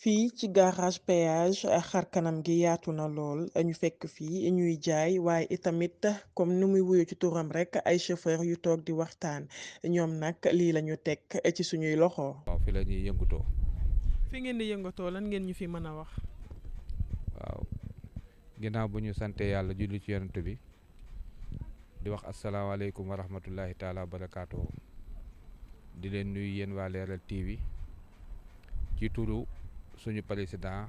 fii ci garage péage eh, xar kanam gi yaatu na lool eh, ñu fekk fii ñuy jaay waaye itamit eh, comme nu muy wuyu ci turam rekk ay chauffeur yu toog di waxtaan ñoom nag lii lañu ñu teg ci suñuy loxo. waaw fi la ñuy yëngatoo. fi ngeen di yëngatoo lan ngeen ñu fi mën a wax. waaw ginnaaw bu ñu sante yàlla julli ci yonent bi di wax asalaamaaleykum wa rahmatullahi taala barakaatu di leen nuyu yéen waa Leral TV ci turu. suñu président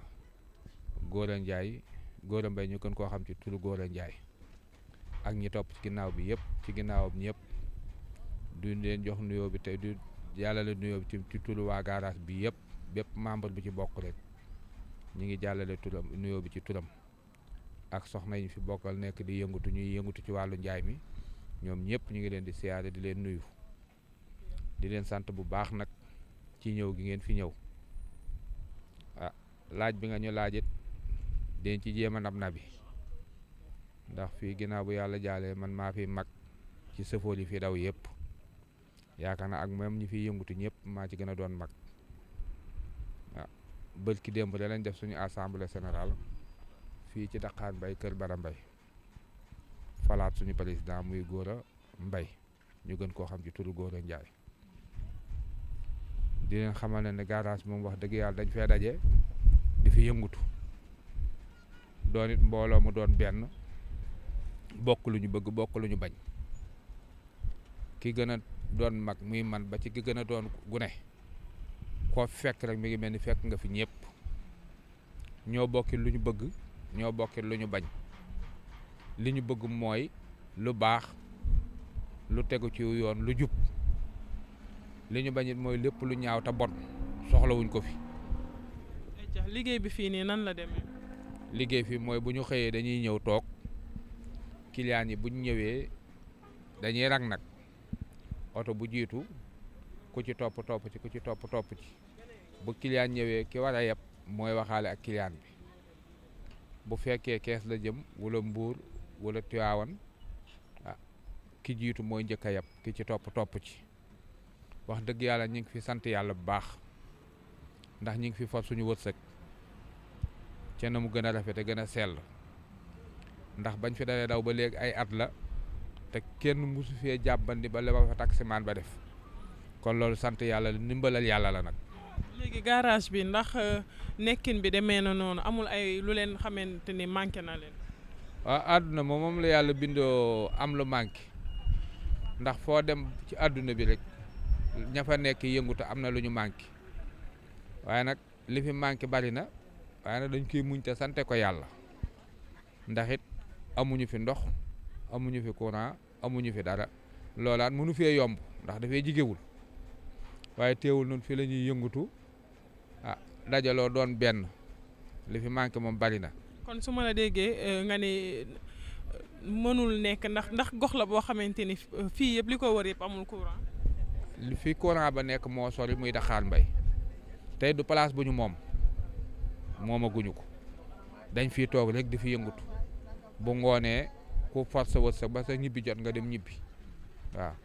Gora Ndiaye Gora Mbaye ñu kon koo xam ci turu Gora Ndiaye ak ñi topp ci ginnaaw bi yëpp ci ginnaawam ñëpp du leen jox nuyoo bi tey du jàllale nuyoo bi ci turu waa garage bi yëpp bépp membre bi ci bokk rek ñu ngi jàllale turam nuyoo bi ci turam ak soxna yi fi bokkal nekk di yëngatu ñuy yëngatu ci wàllu njaay mi ñoom ñëpp ñu ngi leen di siyaare di leen nuyu di leen sant bu baax nag ci ñëw gi ngeen fi ñëw laaj bi nga ñu laajit den ci jéem a nab nabi ndax fii ginnaaw bu yàlla jaalee man maa fi mag ci sëfoor yi fi daw yëpp yaakaar na ak même ñi fi yëngutu ñëpp maa ci gën a doon mag waaw bët ki démb da lañ def suñu assemblée générale fii ci Daqaar Mbay Kër Bara Mbay falaat suñu président muy Gora Mbay ñu gën koo xam ci turu Gora Njaay di leen xamal na ne garage moom wax dëgg yàlla dañ fee daje di fi yëngutu doon mbooloo mu doon benn bokk lu ñu bëgg bokk lu ñu bañ ki gën a doon mag muy man ba ci ki gën a doon gune koo fekk rek mi ngi mel ni fekk nga fi ñëpp ñoo bokki lu ñu bëgg ñoo bokki lu ñu bañ li ñu bëgg mooy lu baax lu tegu ci yoon lu jub li ñu bañ mooy lépp lu ñaaw te bon soxlawuñ ko fi liggéey bi fii nii nan la demee. liggéey fii mooy bu ñu xëyee dañuy ñëw toog clients yi bu ñëwee dañuy rang nag oto bu jiitu ku ci topp topp ci ku ci topp ci bu client ñëwee ki war a yeb mooy waxaale ak client bi bu fekkee kees la jëm wala mbuur wala Tiwaawan ah, ki jiitu mooy njëkk a yeb ki ci topp topp ci wax dëgg yàlla ñu ngi fi sant yàlla bu baax ndax ñu ngi fi fab suñu wërsëg. ca na mu gën a rafete gën a sell ndax bañ fi dalee daw ba léegi ay at la te kenn musu fee jàppandi ba la ba fa taximaan ba def kon loolu sant yàlla ndimbalal yàlla la nag. léegi garage bi ndax euh, nekkin bi demee na noonu amul ay lu leen xamante ni manqué na leen. waaw ah, àdduna moom moom la yàlla bindoo am lu manqué ndax foo dem ci àdduna bi rek ña fa nekk yënguta am na lu ñu manqué waaye nag li fi manqué bari na. waaye nag dañ koy muñ te sante ko yàlla ndax it amuñu fi ndox amuñu fi courant amuñu fi dara loolaat mënu fee yomb ndax dafay jigéewul waaye teewul noonu fii la ñuy yëngatu ah dajaloo doon benn li fi manqué moom bari na. kon su ma la déggee euh, nga ni euh, mënul nekk ndax ndax gox la boo xamante ni euh, fii yëpp li ko wër yëpp amul courant. li fi courant ba nekk moo sori muy Daxaar Mbay tey du place bu ñu moom. gu ñu ko dañ fi toog rek di fi yëngatu bu ngoonee ku far sa ba sa ñibbi jot nga dem ñibbi waaw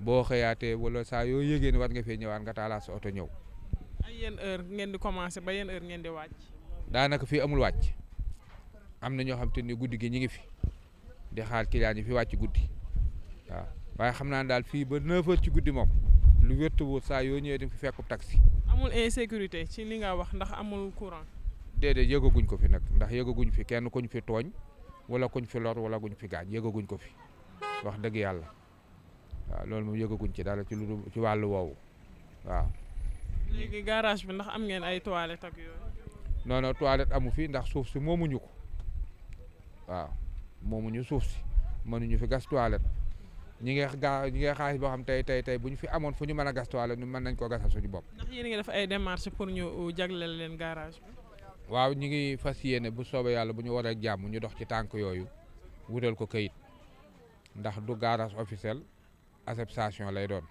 boo xëyaatee wala saa yoo yëgee ne war nga fee ñëwaat nga taalaat sa oto ñëw. ay yenn heure ngeen di commencé ba yen heure ngeen di wàcc. daanaka fii amul wàcc am na ñoo xam te ni guddi gi ñu ngi fi di xaar client yi fi wàcc guddi waaw waaye xam naa daal fii ba 9 ci guddi moom lu wér te saa yoo ñëwee di fi fekk taxi. amul insécurité ci li nga wax ndax amul courant. déedéet yëgaguñ ko fi nag ndax yëgaguñ fi kenn ñu fi tooñ wala kuñ fi lor wala kuñ fi gaañ yëgaguñ ko fi wax dëgg yàlla waaw loolu moom yëgaguñ ci dara ci lu ci wàllu woowu waaw. léegi garage bi ndax am ngeen ay toilettes ak yooyu. non non amu fi ndax suuf si moomuñu ko waaw moomuñu suuf si mënuñu fi gas toilette ñi nga gaa ñi nga xaalis boo xam tey tey tey bu ñu fi amoon fu ñu mën a gas toilette ñu mën nañ koo gasal suñu bopp. waaw ñu ngi fas yéene bu soobee yàlla bu ñu war a jàmm ñu dox ci tànk yooyu wutal ko kayit ndax du garage officiel acceptation lay doon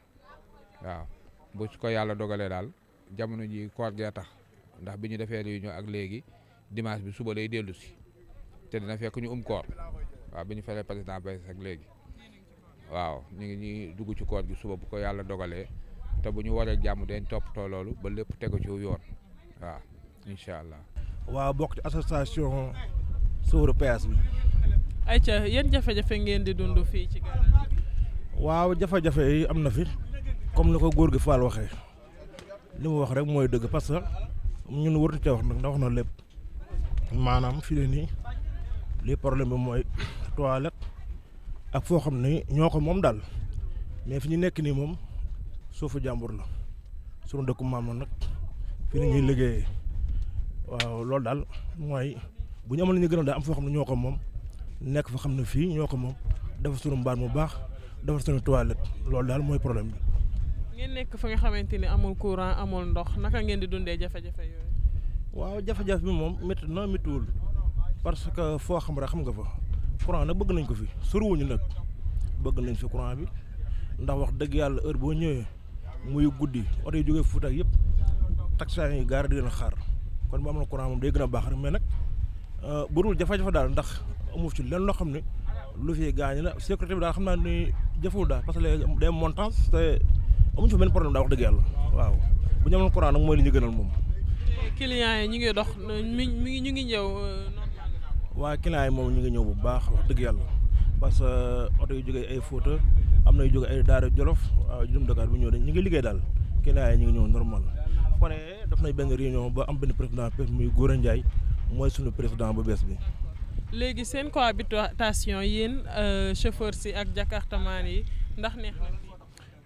waaw bu ko yàlla dogalee daal jamono ji koor gee tax ndax bi ñu defee réunion ak léegi dimanche bi suba lay dellusi si te dina fekk ñu um koor waaw bi ñu feree président Baïs ak léegi waaw ñu ngi ñuy dugg ci koor gi suba bu ko yàlla dogalee te bu ñu waree jàmm de toppatoo loolu ba lépp tegu ci yoon waaw incha allah. waa bokk ci association sowru péage bi ayca yan jafe-jafe ngeen di dund fii ci Galaye waaw jafe-jafe yi am na fi comme ni ko góor gi Fall waxee li mu wax rek mooy dëgg parce que ñun wërtu ca wax nag da wax na lépp maanaam fi ne nii li problème bi mooy toilette ak foo xam ne ñoo ko moom daal mais fi ñu nekk nii moom suufu jàmbur la sunu dëkku maam nag fi la ñuy liggéeye waaw loolu daal mooy bu ñu amoon nañu gën a daal am foo xam ne ñoo ko moom nekk fa xam ne fii ñoo ko moom defar suñu mbaar mu baax defar suñu toilette loolu daal mooy problème bi. ngeen nekk fa nga xamante ni amul courant amul ndox naka ngeen di dundee jafe-jafe yooyu. waaw jafe-jafe bi moom métti na méttiwul parce que foo xam rek xam nga fa courant nag bëgg nañ ko fi soriwuñu nag bëgg nañ fi courant bi ndax wax dëgg yàlla heure boo ñëwee muy guddi oto yi jógee yëpp kon bu am na courant moom day gën a baax rek mais nag euh, burul jafe-jafe daal ndax amu ci lenn loo xam ne lu fi gaañ la sécurité bi daal xam naa ni jafewul daal parce que léegi day montance te amuñu fa benn problème daal wax dëgg yàlla waaw bu ñu amoon mooy li ñu gënal moom. clients yi ñu ngi dox mi ngi ñu ngi ñëw. Euh, waaw clients yi moom ñu ngi ñëw bu baax wax dëgg yàlla parce que euh, oto yu jógee ay Fouta am na yu jógee ay Daara Jolof waaw jëm Dakar bu ñëw dañ ñu ngi liggéey daal clients yi ñu ngi ñëw normal pare daf nañ benn réunion ba am benn président PEF muy Gora Ndiaye mooy suñu président bu bees bi. léegi seen cohabitation yéen euh, chauffeur si ak jakartamaan yi ndax ne na.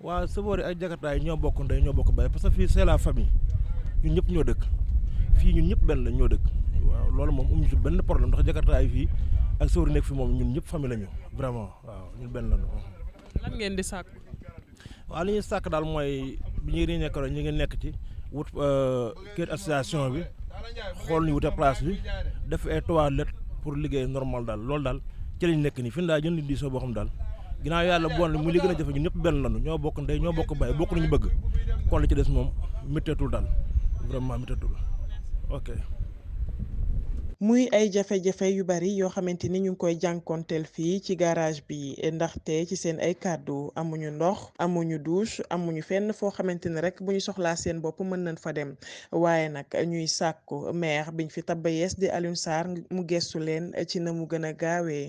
waaw chauffeur yi ak jakarta ñoo bokk ndey ñoo bokk baay parce que fii c'est la famille ñun ñëpp ñoo dëkk fii ñun ñëpp benn la ñoo dëkk waaw loolu moom amuñu ci benn problème ndax jakarta yi fii ak chauffeur yi fi moom ñun ñëpp famille lañu vraiment waaw ñun benn lañu. lan ngeen di sàkk. waaw li ñuy sàkk daal mooy bi ñuy réunion ñu ngi nekk ci. wut euh, kër association bi xool ni wute place bi def ay toilettes pour liggéey normal daal lool daal ci lañ nekk nii fi mu daal jënd di soo boo xam daal ginnaaw yàlla bon li li gën a jafe ñun ñëpp benn lanu ñoo bokk ndey ñoo bokk bay bokk nañu bëgg kon ci des moom métteetul daal vraiment métteetul ok muy ay jafe-jafe yu bari yoo xamante ni ñu ngi koy jànkonteel fii ci garage bi ndaxte ci seen ay kàddu amuñu ndox amuñu douche amuñu fenn foo xamante ni rek bu ñu soxlaa seen bopp mën nañ fa dem waaye nag ñuy sàkku maire biñ fi tabayees di Alioune Sarr mu gestu leen ci na mu gën a gaawee.